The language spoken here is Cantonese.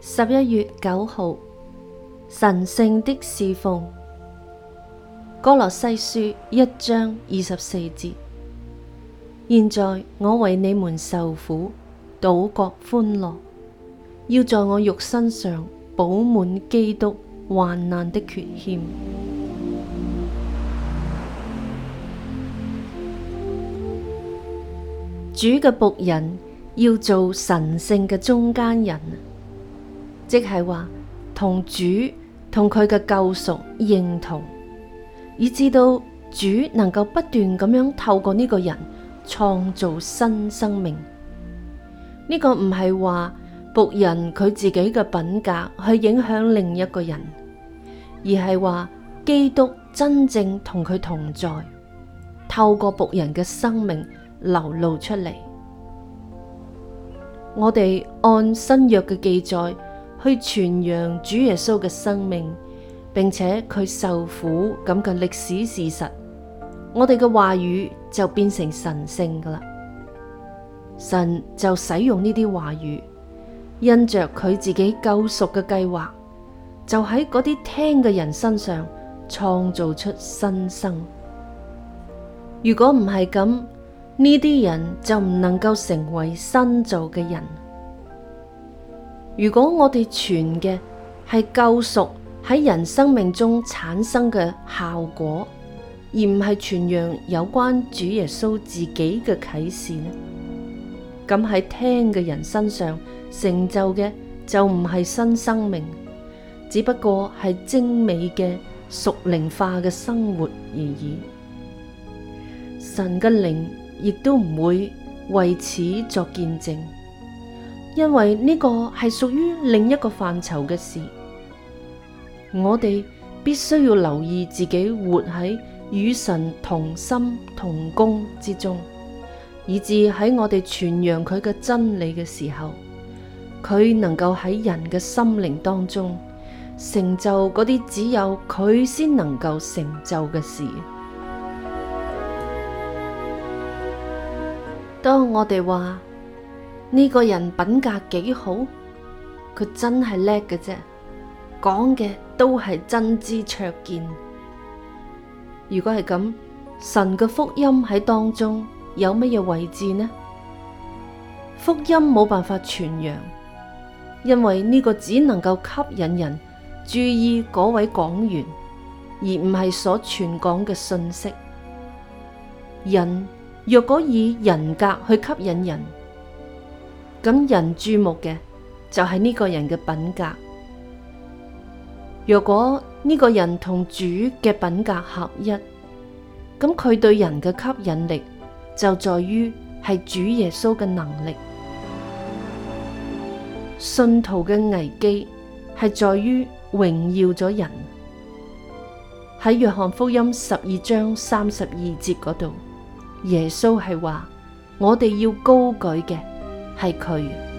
十一月九號，神聖的事奉，歌羅西書一章二十四節。現在我為你們受苦，倒覺歡樂，要在我肉身上補滿基督患難的缺欠。」 主嘅僕人。要做神聖嘅中間人，即係話同主同佢嘅救贖認同，以至到主能夠不斷咁樣透過呢個人創造新生命。呢個唔係話僕人佢自己嘅品格去影響另一個人，而係話基督真正同佢同在，透過僕人嘅生命流露出嚟。我哋按新約嘅記載去傳揚主耶穌嘅生命，並且佢受苦咁嘅歷史事實，我哋嘅話語就變成神聖㗎喇。神就使用呢啲話語，因着佢自己救贖嘅計劃，就喺嗰啲聽嘅人身上創造出新生。如果唔係咁，呢啲人就唔能夠成為新造嘅人。如果我哋傳嘅係救贖喺人生命中產生嘅效果，而唔係傳揚有關主耶穌自己嘅啟示呢？咁喺聽嘅人身上成就嘅就唔係新生命，只不過係精美嘅屬靈化嘅生活而已。神嘅靈。亦都唔會為此作見證，因為呢個係屬於另一個範疇嘅事。我哋必須要留意自己活喺與神同心同工之中，以至喺我哋傳揚佢嘅真理嘅時候，佢能夠喺人嘅心靈當中成就嗰啲只有佢先能夠成就嘅事。當我哋話呢個人品格幾好，佢真係叻嘅啫，講嘅都係真知灼見。如果係咁，神嘅福音喺當中有乜嘢位置呢？福音冇辦法傳揚，因為呢個只能夠吸引人注意嗰位講員，而唔係所傳講嘅信息。人。若果以人格去吸引人，咁人注目嘅就係呢個人嘅品格。若果呢個人同主嘅品格合一，咁佢對人嘅吸引力就在於係主耶穌嘅能力。信徒嘅危機係在於榮耀咗人。喺約翰福音十二章三十二節嗰度。耶穌係話：我哋要高舉嘅，係佢。